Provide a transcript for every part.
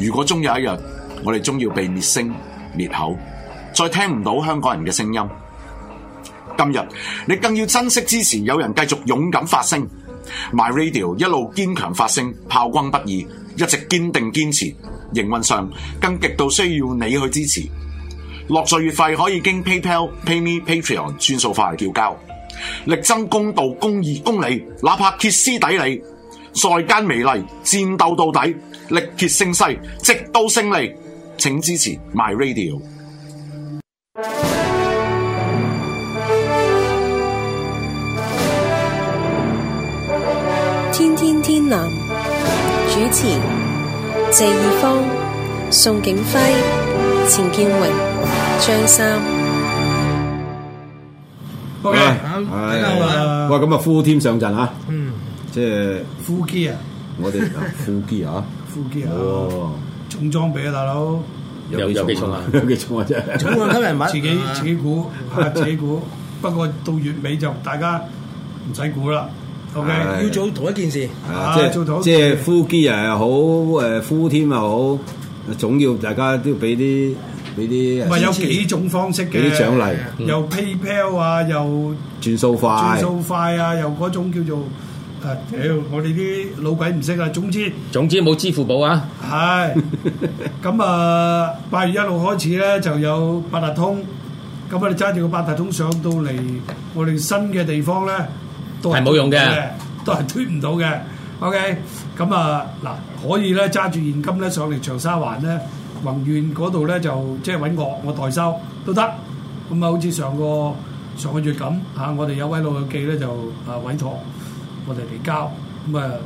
如果終有一日，我哋終要被滅聲滅口，再聽唔到香港人嘅聲音，今日你更要珍惜支持，有人繼續勇敢發聲，My Radio 一路堅強發聲，炮轟不已，一直堅定堅持，營運上更極度需要你去支持。落稅月費可以經 PayPal、PayMe、Patreon 轉數快嚟叫交，力爭公道、公義、公理，哪怕歇斯底里，在間美嚟戰鬥到底。力竭勝勢，直到勝利。請支持 My Radio。天天天藍主持謝義方、宋景輝、錢建榮、張三。喂，咁 啊，full team 上陣啊！嗯，即係 full gear 啊！Full gear. 我哋 full gear 啊！ 呼基啊，重裝備啊，大佬有有幾重啊？有幾重啊？真重啊！今日買自己自己估，自己估。不過到月尾就大家唔使估啦。O K，要做同一件事，即係做到。即係富基啊，又好誒，富添又好，總要大家都俾啲俾啲。唔係有幾種方式嘅，俾啲獎勵，有 PayPal 啊，又轉數快，轉數快啊，又嗰種叫做。誒，屌！我哋啲老鬼唔識啊。總之，總之冇支付寶啊。係，咁啊，八月一號開始咧就有八達通。咁我哋揸住個八達通上到嚟我哋新嘅地方咧，都係冇用嘅，都係推唔到嘅。O K，咁啊，嗱可以咧，揸住現金咧上嚟長沙灣咧，宏願嗰度咧就即係搵我，我代收都得。咁啊，好似上個上個月咁吓，我哋有位老友記咧就啊搵錯。我哋嚟交咁啊、嗯，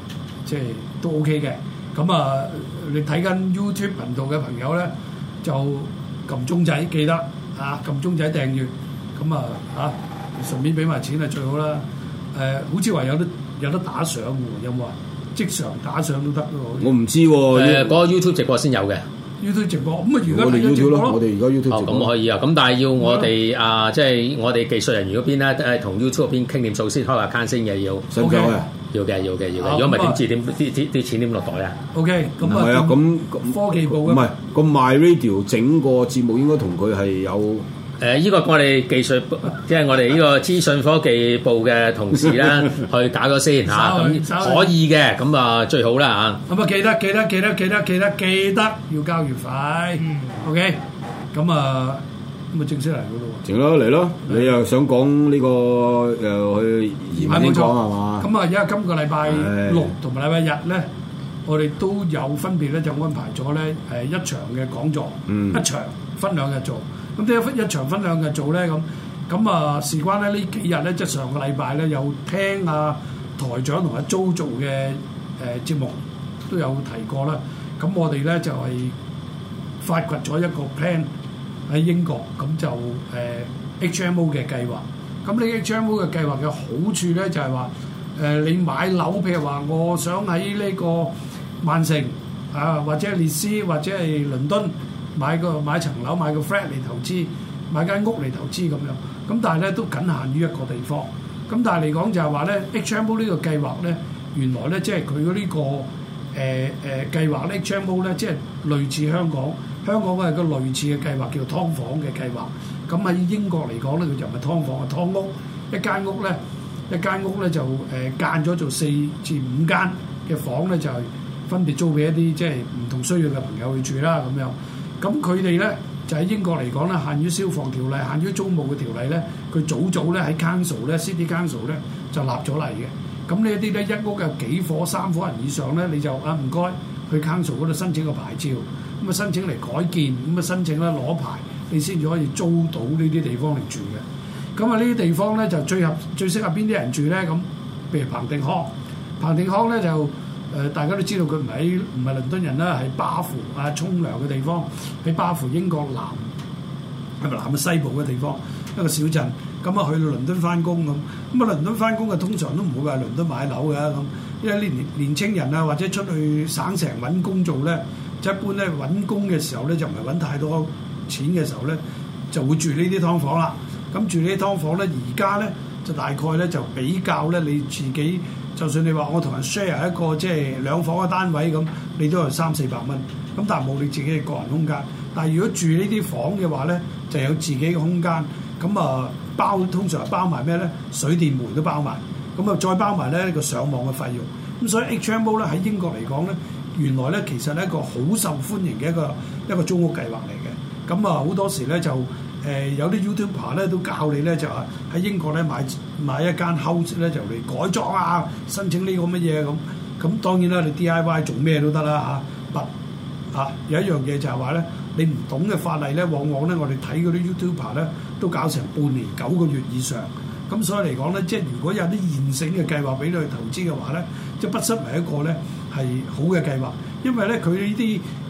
即係都 OK 嘅。咁、嗯、啊，你睇緊 YouTube 頻道嘅朋友咧，就撳鐘仔記得啊，撳鐘仔訂閱。咁、嗯、啊，嚇，順便俾埋錢啊，最好啦。誒、嗯，好似話有得有得打賞喎，有冇啊？即場打賞都得咯。我唔知喎、啊，誒對，嗰個 YouTube 直播先有嘅。YouTube 直播，咁啊！而家我哋 YouTube 咯，我哋而家 YouTube 直播哦，咁可以啊，咁但係要我哋啊，即係我哋技術人員嗰邊咧，誒同 YouTube 嗰邊傾掂數先開下 account 先嘅，要，O K，要嘅，要嘅，要嘅，如果唔係點知點啲啲啲錢點落袋啊？O K，咁係啊，咁科技部唔係個 MyRadio 整個節目應該同佢係有。誒依個我哋技術即係我哋依個資訊科技部嘅同事啦，去打咗先嚇，咁可以嘅，咁啊最好啦嚇。咁啊記得記得記得記得記得記得要交月費，OK。咁啊咁啊正式嚟嘅咯喎，整咯嚟咯，你又想講呢個誒去點講係嘛？咁啊，而家今個禮拜六同埋禮拜日咧，我哋都有分別咧就安排咗咧誒一場嘅講座，一場分兩日做。咁點解一場分兩日做咧？咁，咁啊，事關咧呢幾日咧，即係上個禮拜咧有聽啊台長同阿周做嘅誒節目都有提過啦。咁我哋咧就係發掘咗一個 plan 喺英國，咁就誒 HMO 嘅計劃。咁呢 HMO 嘅計劃嘅好處咧就係話誒，你買樓譬如話，我想喺呢個曼城啊，或者列斯，或者係倫敦。買個買層樓買個 flat 嚟投資，買間屋嚟投資咁樣，咁但係咧都僅限於一個地方。咁但係嚟講就係話咧 HMO 呢個計劃咧，原來咧即係佢嗰呢、就是這個誒誒、呃呃、計劃咧，HMO 咧即係、就是、類似香港，香港係個類似嘅計劃叫做劏房嘅計劃。咁喺英國嚟講咧，佢就唔係劏房，劏屋一間屋咧一間屋咧就誒間咗做四至五間嘅房咧，就是、分別租俾一啲即係唔同需要嘅朋友去住啦咁樣。咁佢哋咧就喺英國嚟講咧，限於消防條例、限於租務嘅條例咧，佢早早咧喺 Council 咧，City Council 咧就立咗嚟嘅。咁呢一啲咧，一屋有幾伙、三伙人以上咧，你就啊唔該去 Council 嗰度申請個牌照，咁啊申請嚟改建，咁啊申請咧攞牌，你先至可以租到呢啲地方嚟住嘅。咁啊呢啲地方咧就最合、最適合邊啲人住咧？咁譬如彭定康，彭定康咧就。誒、呃，大家都知道佢唔係唔係倫敦人啦，係巴湖啊，沖涼嘅地方喺巴湖，英國南係咪南啊，西部嘅地方一個小鎮。咁、嗯、啊，去到倫敦翻工咁，咁、嗯、啊，倫敦翻工嘅通常都唔會話倫敦買樓嘅咁，因為啲年年青人啊，或者出去省城揾工做咧，就一般咧揾工嘅時候咧，就唔係揾太多錢嘅時候咧，就會住呢啲劏房啦。咁、嗯、住呢啲劏房咧，而家咧。就大概咧就比較咧你自己，就算你話我同人 share 一個即係、就是、兩房嘅單位咁，你都有三四百蚊。咁但係冇你自己嘅個人空間。但係如果住呢啲房嘅話咧，就有自己嘅空間。咁啊包通常係包埋咩咧？水電煤都包埋。咁啊再包埋咧個上網嘅費用。咁所以 HMO 咧喺英國嚟講咧，原來咧其實係一個好受歡迎嘅一個一個租屋計劃嚟嘅。咁啊好多時咧就～誒、呃、有啲 YouTuber 咧都教你咧就係喺英國咧買買一間 house 咧就嚟改裝啊，申請呢個乜嘢咁，咁當然啦，你 DIY 做咩都得啦嚇。嗱、啊、嚇、啊、有一樣嘢就係話咧，你唔懂嘅法例咧，往往咧我哋睇嗰啲 YouTuber 咧都搞成半年九個月以上。咁所以嚟講咧，即係如果有啲現成嘅計劃俾你去投資嘅話咧，即係不失為一個咧係好嘅計劃，因為咧佢呢啲。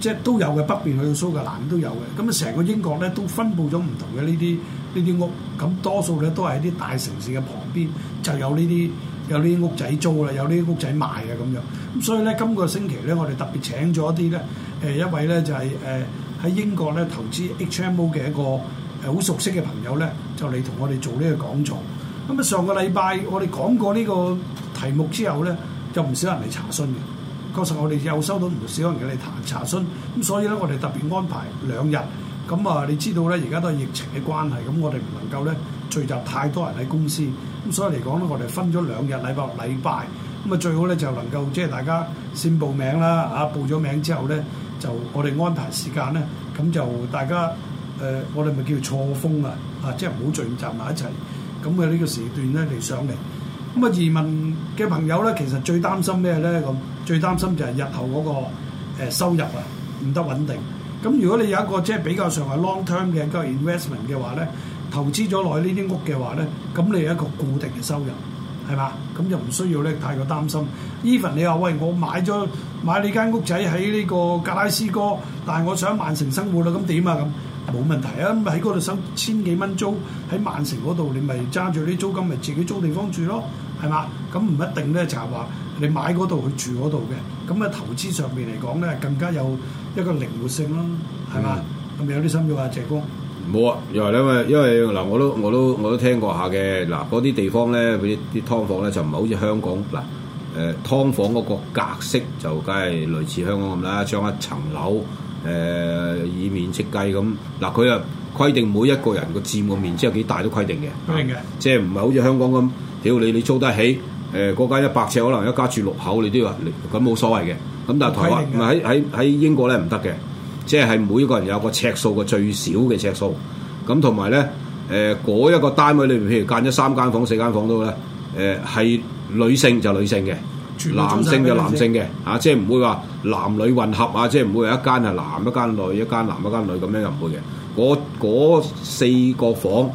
即係都有嘅，北邊去到蘇格蘭都有嘅。咁、嗯、啊，成個英國咧都分布咗唔同嘅呢啲呢啲屋。咁多數咧都係喺啲大城市嘅旁邊，就有呢啲有呢啲屋仔租啦，有呢啲屋仔賣呀咁樣。咁所以咧，今個星期咧，我哋特別請咗一啲咧，誒、呃、一位咧就係誒喺英國咧投資 HMO 嘅一個誒好熟悉嘅朋友咧，就嚟同我哋做呢個講座。咁、嗯、啊，上個禮拜我哋講過呢個題目之後咧，就唔少人嚟查詢嘅。確實我哋又收到唔少人嘅查查詢，咁所以咧我哋特別安排兩日，咁啊你知道咧而家都係疫情嘅關係，咁我哋唔能夠咧聚集太多人喺公司，咁所以嚟講咧我哋分咗兩日禮拜六禮拜，咁啊最好咧就能夠即係大家先報名啦，啊報咗名之後咧就我哋安排時間咧，咁就大家誒、呃、我哋咪叫錯峰啊，啊即係唔好聚集埋一齊，咁嘅呢個時段咧嚟上嚟。咁啊，移民嘅朋友咧，其實最擔心咩咧？咁最擔心就係日後嗰個、呃、收入啊，唔得穩定。咁如果你有一個即係比較上係 long term 嘅 investment 嘅話咧，投資咗落去呢啲屋嘅話咧，咁你有一個固定嘅收入，係嘛？咁就唔需要咧太過擔心。Even 你話喂，我買咗買你間屋仔喺呢個格拉斯哥，但係我想曼城生活啦，咁點啊？咁冇問題啊！咁喺嗰度收千幾蚊租喺曼城嗰度，你咪揸住啲租金，咪自己租地方住咯。係嘛？咁唔一定咧，就係、是、話你買嗰度去住嗰度嘅。咁啊，投資上面嚟講咧，更加有一個靈活性咯，係嘛？係咪、嗯、有啲心語啊，謝工？冇啊，因為咧，因為嗱，我都我都我都聽過下嘅。嗱，嗰啲地方咧，佢啲劏房咧就唔係好似香港嗱，誒劏房嗰個格式就梗係類似香港咁啦，將一層樓誒以面積計咁。嗱，佢啊規定每一個人個佔個面積有幾大都規定嘅，規定嘅，即係唔係好似香港咁。屌你！你租得起？誒、呃，嗰間一百尺可能一家住六口，你都要話咁冇所謂嘅。咁但係台灣唔係喺喺喺英國咧唔得嘅，即係每個人有個尺數嘅最少嘅尺數。咁同埋咧誒，嗰、呃、一個單位裏面，譬如間咗三間房、四間房都咧，誒、呃、係女性就女性嘅，男性就男性嘅嚇、啊。即係唔會話男女混合啊，即係唔會話一間係男、一間女、一間男一間、一間，一間女咁樣又唔會嘅。我嗰四個房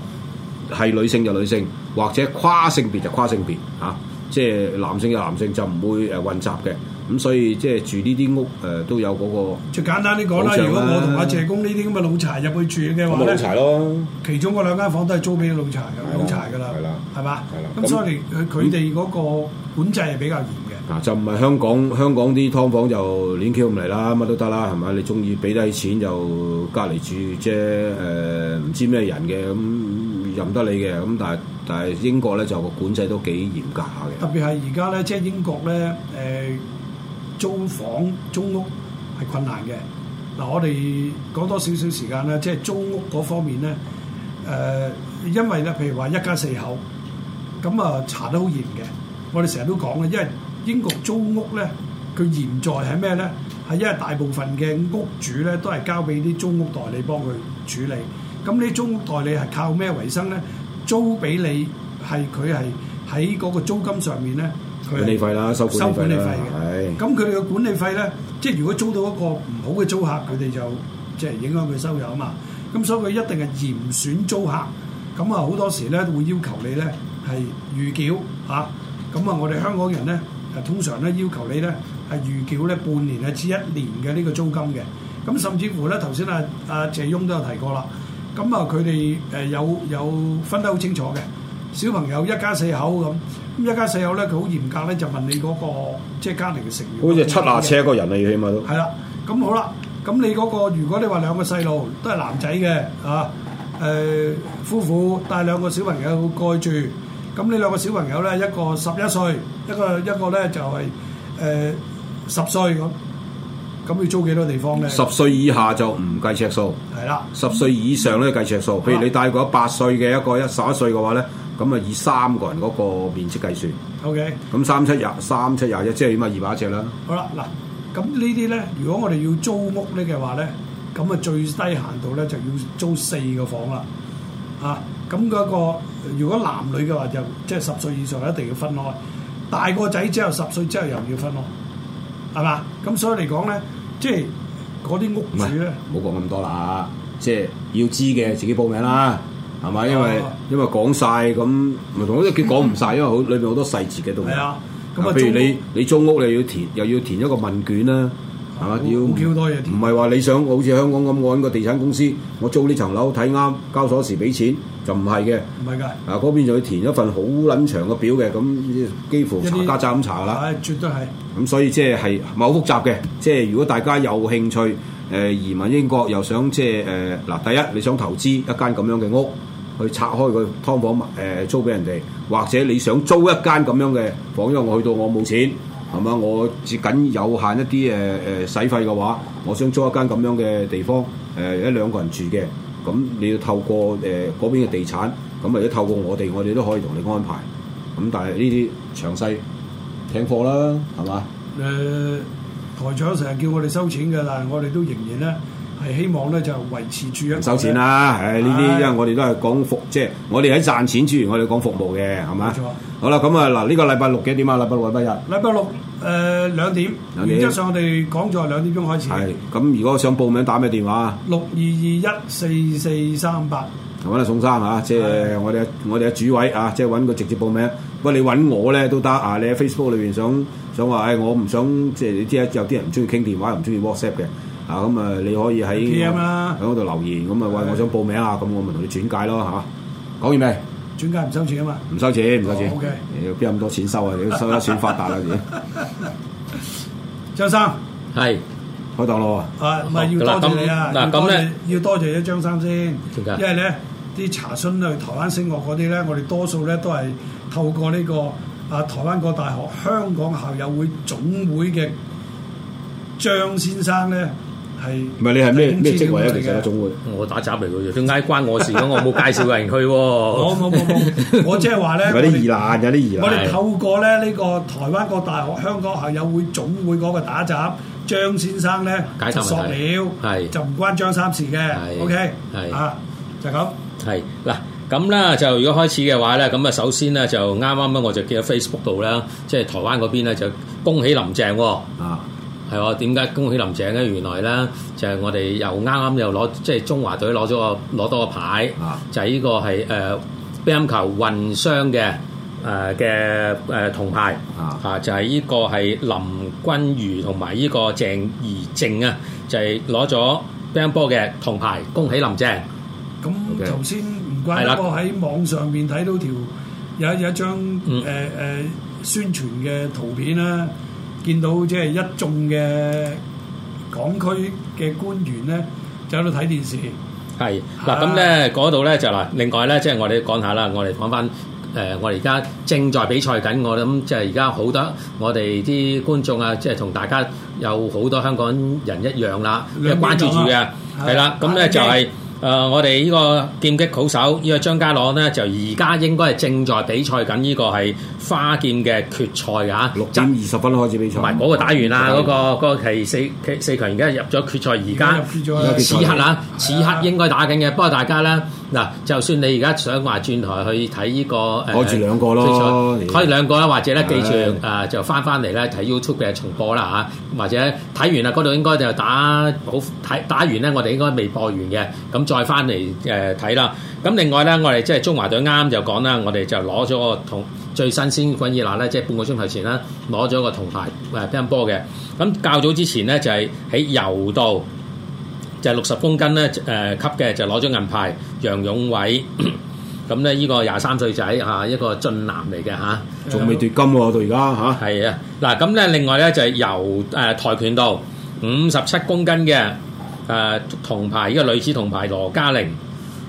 係女性就女性。或者跨性別就跨性別嚇，即係男性有男性就唔會誒混雜嘅，咁所以即係住呢啲屋誒都有嗰個。最簡單啲講啦，如果我同阿謝公呢啲咁嘅老柴入去住嘅話咧，老柴咯。其中嗰兩間房都係租俾老柴，老柴㗎啦，係嘛？係啦。咁所以佢哋嗰個管制係比較嚴嘅。啊，就唔係香港香港啲劏房就亂咁嚟啦，乜都得啦，係咪？你中意俾低錢就隔籬住啫，誒唔知咩人嘅咁任得你嘅咁，但係。但係英國咧就個管制都幾嚴格嘅，特別係而家咧，即係英國咧，誒、呃、租房租屋係困難嘅。嗱，我哋講多少少時間咧，即係租屋嗰方面咧，誒、呃、因為咧，譬如話一家四口，咁啊查得好嚴嘅。我哋成日都講嘅，因為英國租屋咧，佢現在係咩咧？係因為大部分嘅屋主咧，都係交俾啲租屋代理幫佢處理。咁呢租屋代理係靠咩為生咧？租俾你係佢係喺嗰個租金上面咧，管理費啦，收管理費啦。咁佢嘅管理費咧，即係如果租到一個唔好嘅租客，佢哋就即係影響佢收入啊嘛。咁所以佢一定係嚴選租客。咁啊，好多時咧會要求你咧係預繳吓。咁啊，我哋香港人咧，通常咧要求你咧係預繳咧半年啊至一年嘅呢個租金嘅。咁甚至乎咧，頭先啊啊謝翁都有提過啦。咁啊，佢哋誒有有分得好清楚嘅，小朋友一家四口咁，咁一家四口咧，佢好嚴格咧，就問你嗰個即係家庭嘅成員。好似七啊車一個人啊，要起碼都。係啦，咁好啦，咁你嗰個，如果你話兩個細路都係男仔嘅啊，誒夫婦帶兩個小朋友蓋住，咁你兩個小朋友咧，一個十一歲，一個一個咧就係誒十歲咁。咁要租幾多地方咧？十歲以下就唔計尺數，係啦的。十歲以上咧計尺數，啊、譬如你帶個八歲嘅一個一，十一歲嘅話咧，咁啊就以三個人嗰個面積計算。O K，咁三七廿三七廿一，okay, 3, 7, 20, 3, 7, 21, 即係起碼二百一尺啦。好啦，嗱，咁呢啲咧，如果我哋要租屋咧嘅話咧，咁啊最低限度咧就要租四個房啦。啊，咁嗰、嗰個如果男女嘅話就即係十歲以上一定要分開，大個仔之後十歲之後又要分開。係嘛？咁所以嚟講咧，即係嗰啲屋主咧，唔好講咁多啦。即係要知嘅，自己報名啦，係嘛、嗯？因為、嗯、因為講晒，咁，唔同啲嘢佢講唔晒，嗯、因為好裏邊好多細節嘅都。係啊，咁啊，譬如你屋你租屋你要填，又要填一個問卷啦。啊！要唔係話你想好似香港咁，我揾個地產公司，我租呢層樓睇啱，交鎖匙俾錢，就唔係嘅。唔係㗎。啊，嗰邊就要填一份好撚長嘅表嘅，咁幾乎查家宅咁查啦。係、啊，絕對係。咁、啊、所以即係係咪好複雜嘅？即、就、係、是、如果大家有興趣，誒、呃、移民英國又想即係誒嗱，第一你想投資一間咁樣嘅屋，去拆開個劏房物、呃、租俾人哋，或者你想租一間咁樣嘅房，因為我去到我冇錢。係嘛？我只僅有限一啲誒誒使費嘅話，我想租一間咁樣嘅地方，誒、呃、一兩個人住嘅，咁你要透過誒嗰、呃、邊嘅地產，咁或者透過我哋，我哋都可以同你安排。咁但係呢啲詳細聽貨啦，係嘛？誒、呃、台長成日叫我哋收錢嘅，但係我哋都仍然咧。係希望咧就維持住一收錢啦，啊，誒呢啲因為我哋都係講服，即係我哋喺賺錢之餘，我哋講服務嘅，係咪啊？冇錯。好啦，咁啊嗱，呢個禮拜六幾點啊？禮拜六禮拜日。禮拜六誒兩點。原則上我哋講座兩點鐘開始。係。咁如果想報名，打咩電話？六二二一四四三八。係揾阿宋生啊，即係我哋的我哋嘅主位啊，即係揾個直接報名。不過你揾我咧都得啊，你喺 Facebook 裏邊想想話，誒我唔想即係你知啊，就是、有啲人唔中意傾電話，又唔中意 WhatsApp 嘅。咁啊，你可以喺喺嗰度留言，咁啊喂，我想報名啊，咁我咪同你轉介咯嚇。講完未？轉介唔收錢啊嘛，唔收錢唔收錢。哦，OK，你邊有咁多錢收啊？要謝謝你收一錢發達啦，而家。張生，係開檔咯啊，唔係要多謝你啊！嗱咁咧，要多謝咗張生先，為因為咧啲查詢去台灣升學嗰啲咧，我哋多數咧都係透過呢個啊台灣個大學香港校友會總會嘅張先生咧。唔係你係咩咩職位啊？其實總會我打雜嚟嘅，點解關我事咯。我冇介紹人去喎。我我我我，我即係話咧。有啲疑難，有啲疑難。我哋透過咧呢個台灣個大學，香港校友會總會嗰個打雜張先生咧，解索了，係就唔關張三事嘅。O K，係啊，就咁。係嗱，咁啦，就如果開始嘅話咧，咁啊，首先咧就啱啱咧我就見喺 Facebook 度啦，即係台灣嗰邊咧就恭喜林鄭喎。啊。係喎，點解恭喜林鄭咧？原來咧就係、是、我哋又啱啱又攞即係中華隊攞咗個攞多個牌，啊、就係呢個係誒乒乓球混雙嘅誒嘅誒銅牌，啊，啊就係、是、呢個係林君如同埋呢個鄭怡靜啊，就係攞咗乒乓波嘅銅牌，恭喜林鄭。咁頭先唔怪得我喺網上面睇到條有的有一張誒誒、呃呃、宣傳嘅圖片啦。見到即係一眾嘅港區嘅官員咧，就喺度睇電視。係嗱，咁咧嗰度咧就嗱，另外咧即係我哋講下啦，我哋講翻誒，我哋而家正在比賽緊，我諗即係而家好多我哋啲觀眾啊，即係同大家有好多香港人一樣啦，都關注住嘅，係啦，咁咧就係。誒、呃，我哋呢個劍擊好手，呢、這個張家朗咧，就而家應該係正在比賽緊呢個係花劍嘅決賽㗎吓。六點二十分開始比賽。唔係，嗰個打完啦，嗰、那個嗰個係四四強，而家入咗決賽，而家此刻啊，的此刻應該打緊嘅。不過大家咧。嗱，就算你而家想話轉台去睇呢個誒，攞住、呃、兩個咯，可以兩個啦、啊，或者咧記住誒，就翻翻嚟咧睇 YouTube 嘅重播啦嚇，或者睇完啦，嗰度應該就打好睇，打完咧我哋應該未播完嘅，咁再翻嚟誒睇啦。咁另外咧，我哋即係中華隊啱啱就講啦，我哋就攞咗個銅最新鮮滾熱辣咧，即係半個鐘頭前啦，攞咗個銅牌誒乒乓波嘅。咁、呃、較早之前咧就係喺柔道。就六十公斤咧，誒、呃、級嘅就攞咗銀牌，楊勇偉。咁咧呢個廿三歲仔嚇、啊，一個俊男嚟嘅嚇，仲未奪金喎，到而家嚇。係啊，嗱咁咧，另外咧就係、是、由誒跆、呃、拳道五十七公斤嘅誒銅牌，呢個女子銅牌羅嘉玲。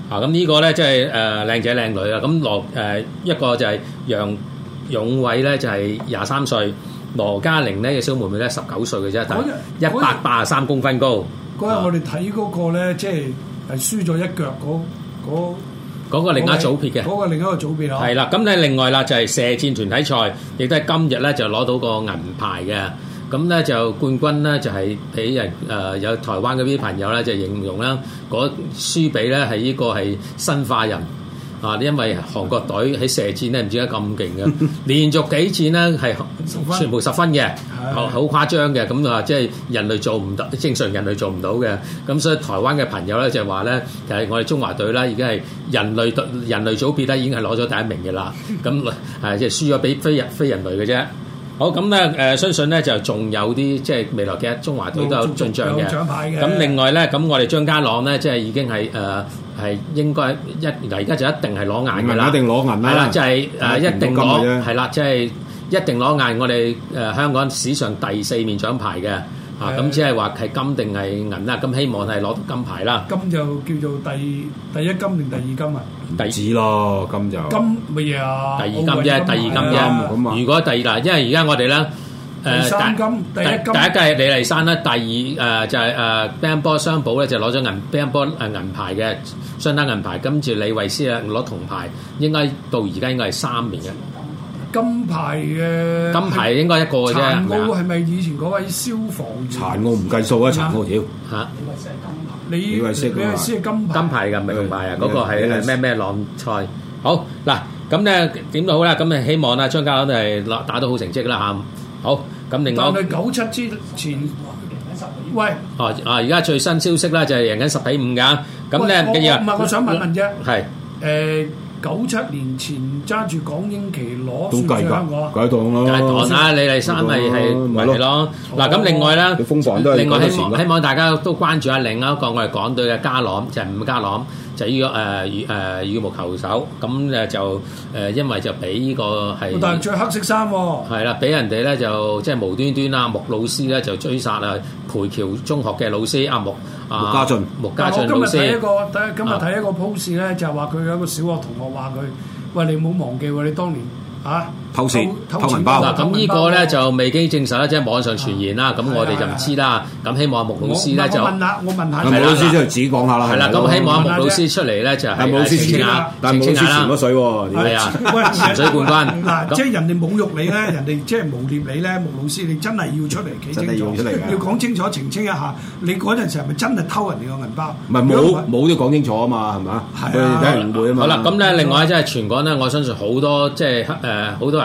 啊，咁、這個、呢個咧即係誒靚仔靚女啊。咁羅誒一個就係楊勇偉咧，就係廿三歲，羅嘉玲咧嘅小妹妹咧十九歲嘅啫，但係一百八十三公分高。嗰日我哋睇嗰個咧，即係係輸咗一腳嗰、那個、個另一組別嘅，嗰個另一個組別啊，係啦，咁咧另外啦就係射箭團體賽，亦都係今日咧就攞到個銀牌嘅。咁咧就冠軍咧就係俾人誒、呃、有台灣嗰啲朋友咧就形容啦，嗰輸俾咧係呢個係新化人。啊！因為韓國隊喺射箭咧，唔知點解咁勁嘅， 連續幾箭咧係全部十分嘅， 好誇張嘅。咁啊，即係人類做唔到，正常人類做唔到嘅。咁所以台灣嘅朋友咧就話咧，其實我哋中華隊咧已經係人類人類組別咧已經係攞咗第一名嘅啦。咁 啊，即、就、係、是、輸咗俾非人非人類嘅啫。好咁咧，誒、呃、相信咧就仲有啲即係未來嘅中華隊都有進帳嘅。咁另外咧，咁、嗯、我哋張家朗咧即係已經係誒。呃係應該一嗱，而家就一定係攞銀㗎啦，係啦，就係誒一定攞係啦，即係一定攞銀。我哋誒香港史上第四面獎牌嘅，啊咁只係話係金定係銀啦，咁希望係攞到金牌啦。金就叫做第第一金定第二金啊？唔止咯，金就金乜嘢啊？第二金啫，第二金啫。如果第二嗱，因為而家我哋咧。誒，第一第一屆李麗珊啦，第二誒就係誒乒乓雙寶咧，就攞咗銀乒乓誒銀牌嘅雙打銀牌，跟住李慧詩啊攞銅牌，應該到而家應該係三年嘅金牌嘅金牌應該一個嘅啫，係咪啊？殘奧係咪以前嗰位消防員？殘奧唔計數啊，殘奧曉嚇。李慧詩係金牌，李李慧詩係金牌，金牌㗎銅牌啊！嗰個係咩咩朗賽？好嗱，咁咧點都好啦，咁啊希望啊張家朗都係攞打到好成績啦嚇，好。咁另外，九七之前喂，哦啊！而家最新消息咧就係贏緊十比五噶，咁咧跟住啊，唔係我想問問啫，係誒九七年前揸住港英期攞，都計㗎，我解凍啦，解凍啦，你嚟三咪係咪係咯？嗱咁另外咧，另外希希望大家都關注下另一個我哋港隊嘅家朗，就係伍家朗。就羽誒羽誒羽毛球手，咁誒就誒、呃，因為就俾依個係，但係着黑色衫喎、哦。係啦，俾人哋咧就即係無端端啦，木老師咧就追殺啊！培僑中學嘅老師阿木阿、啊、家俊，木家俊老師。我今日睇一個，今日睇一個 post 咧，啊、就話佢有一個小學同學話佢：喂，你唔好忘記喎，你當年嚇。啊偷錢偷銀包嗱，咁呢個咧就未經證實啦，即係網上傳言啦。咁我哋就唔知啦。咁希望阿穆老師咧就問下，我問下阿穆老師出嚟指講下啦。係啦，咁希望阿穆老師出嚟咧就係穆老師澄清啦。但係穆老師潛咗水喎，係啊，喂，潛水冠軍嗱，即係人哋侮辱你咧，人哋即係污蔑你咧，穆老師，你真係要出嚟幾清楚，要講清楚澄清一下，你嗰陣時係咪真係偷人哋個銀包？唔係冇冇要講清楚啊嘛，係咪啊？係睇人會啊嘛。好啦，咁咧另外即係全港咧，我相信好多即係誒好多人。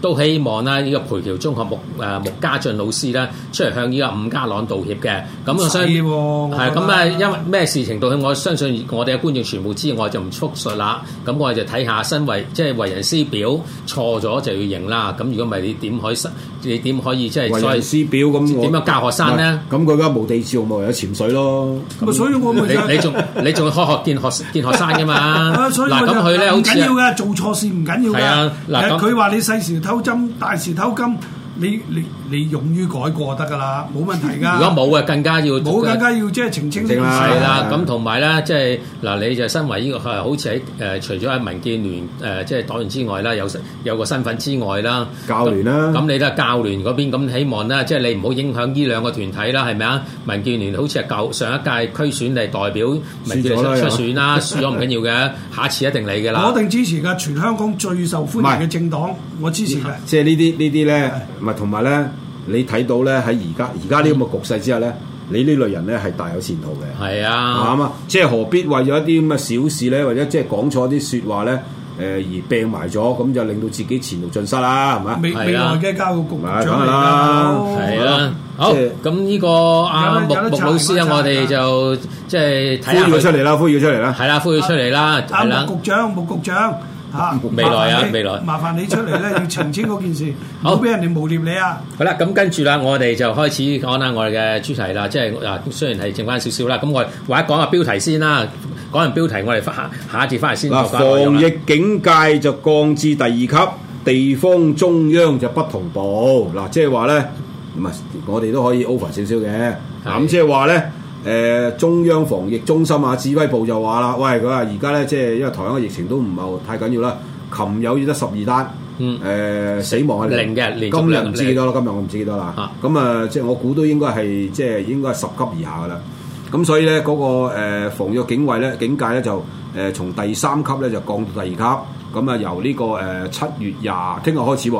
都希望啦，呢個培僑中學穆誒穆家駿老師啦，出嚟向呢個伍家朗道歉嘅。咁啊，所以係咁啊，因為咩事情道歉？我相信我哋嘅觀眾全部知，我就唔贅述啦。咁我哋就睇下身為即係為人師表，錯咗就要認啦。咁如果唔係你點可以，你點可以即係為人師表咁點樣教學生咧？咁佢而家無地自容冇人有潛水咯。咁所以我你你仲你仲要開學見學見學生㗎嘛？嗱，咁佢咧好似唔緊要㗎，做錯事唔緊要㗎。係啊，嗱，佢話你細時，偷針，大時偷金，你連。你勇於改過就得㗎啦，冇問題㗎。如果冇嘅，更加要冇更加要即係澄清呢件事。係啦，咁同埋咧，即係嗱，你就身為呢個係好似喺誒除咗喺民建聯誒即係黨員之外啦，有有個身份之外啦，教聯啦。咁你都係教聯嗰邊，咁希望咧，即係你唔好影響呢兩個團體啦，係咪啊？民建聯好似係舊上一屆區選嚟代表民建聯出選啦，輸咗唔緊要嘅，下次一定嚟嘅啦。我一定支持嘅，全香港最受歡迎嘅政黨，我支持嘅。即係呢啲呢啲咧，唔係同埋咧。你睇到咧，喺而家而家呢咁嘅局勢之下咧，你呢類人咧係大有前途嘅。係啊，啱嘛？即係何必為咗一啲咁嘅小事咧，或者即係講錯啲説話咧，誒而病埋咗，咁就令到自己前路盡失啦，係咪？未未落嘅交個局長嚟㗎啦，係啊。好，咁、嗯、呢是、呢個阿木木老師啊，我哋就即係呼叫出嚟啦，呼叫出嚟啦，係啦，呼叫出嚟啦，阿局長，木局長。啊！未來啊，未來！麻煩你出嚟咧，要澄清嗰件事，好俾人哋無聊你啊！好啦，咁跟住啦，我哋就開始講下我哋嘅主題啦，即係啊，雖然係剩翻少少啦，咁我哋或者講下標題先啦，講完標題我哋下下一節翻嚟先。嗱，防疫警戒就降至第二級，地方中央就不同步。嗱，即係話咧，唔係我哋都可以 over 少少嘅。咁即係話咧。誒、呃、中央防疫中心啊，指揮部就話啦，喂，佢話而家咧，即係因為台灣嘅疫情都唔係太緊要啦，琴有只得十二單，誒、嗯呃、死亡係零嘅，今日唔知幾多啦，今日我唔知幾多啦，咁啊，嗯、即係我估都應該係即係應該係十級以下嘅啦，咁所以咧嗰、那個、呃、防疫警衛咧警戒咧就誒、呃、從第三級咧就降到第二級，咁、嗯、啊由呢、這個誒、呃、七月廿聽日開始。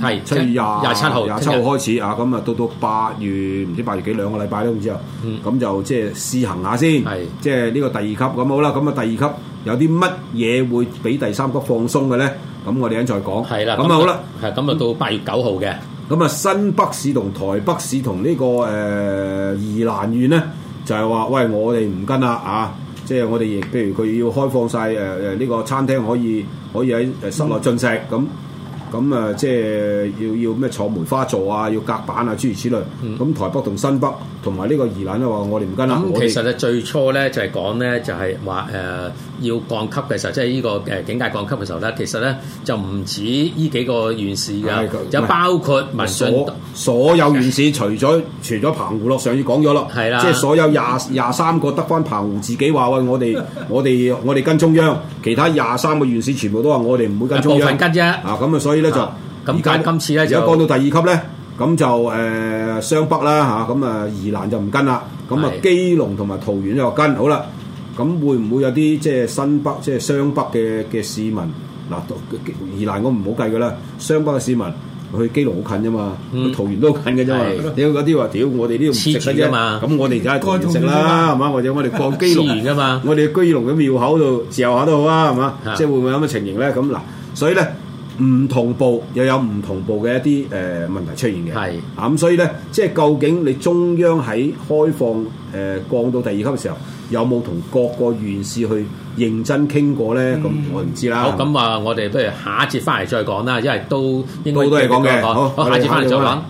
係七月廿廿七號廿七號開始日啊，咁啊到到八月唔知八月幾兩個禮拜都唔知，後、嗯，咁就試、嗯、即係試行下先，即係呢個第二級咁好啦。咁啊第二級有啲乜嘢會比第三級放鬆嘅咧？咁我哋一再講，係啦的。咁啊就好啦，咁啊到八月九號嘅，咁啊、嗯、新北市同台北市同、這個呃、呢個誒宜蘭縣咧，就係話喂我哋唔跟啦啊，即、就、係、是、我哋亦譬如佢要開放晒誒誒呢個餐廳可以可以喺室內進食咁。嗯咁啊，嗯、即係要要咩坐梅花座啊，要隔板啊，諸如此類。咁、嗯、台北同新北同埋呢個宜蘭咧，話我哋唔跟啦。咁其實咧，們最初咧就係講咧，就係話誒，就是要降級嘅時候，即係呢個誒警戒降級嘅時候咧，其實咧就唔止呢幾個縣市嘅。對就包括民進所有縣市，除咗的除咗澎湖咯，上次講咗咯，係啦的，即係所有廿廿三個得翻澎湖自己話喂， 我哋我哋我哋跟中央，其他廿三個縣市全部都話我哋唔會跟中央部份跟啫。啊咁啊，所以咧就而家、嗯、今次咧而家降到第二級咧，咁就誒、呃、雙北啦嚇，咁啊宜蘭就唔跟啦，咁啊基隆同埋桃園又跟好啦。好咁會唔會有啲即係新北即係雙北嘅嘅市民嗱，宜蘭我唔好計噶啦，雙北嘅市民去基隆好近啫嘛，桃園都近嘅啫。屌嗰啲話，屌我哋呢度唔食嘅啫，咁我哋而家喺度食啦，係嘛？或者我哋過基隆食啊嘛，我哋去基隆嘅廟口度自由下都好啊，係嘛？即係的會唔會有咁嘅情形咧？咁嗱，所以咧。唔同步又有唔同步嘅一啲誒、呃、問題出現嘅，係是啊，咁所以咧，即係究竟你中央喺開放誒、呃、降到第二級嘅時候，有冇同各個縣市去認真傾過咧？咁、嗯、我唔知啦。好，咁啊，我哋不如下一節翻嚟再講啦，因為都應該，應該，應該都係講嘅。好，好，下一節翻嚟再講。嗯